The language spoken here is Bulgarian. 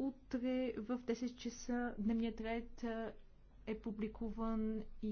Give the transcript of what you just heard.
Утре в 10 часа дневният ред е публикуван и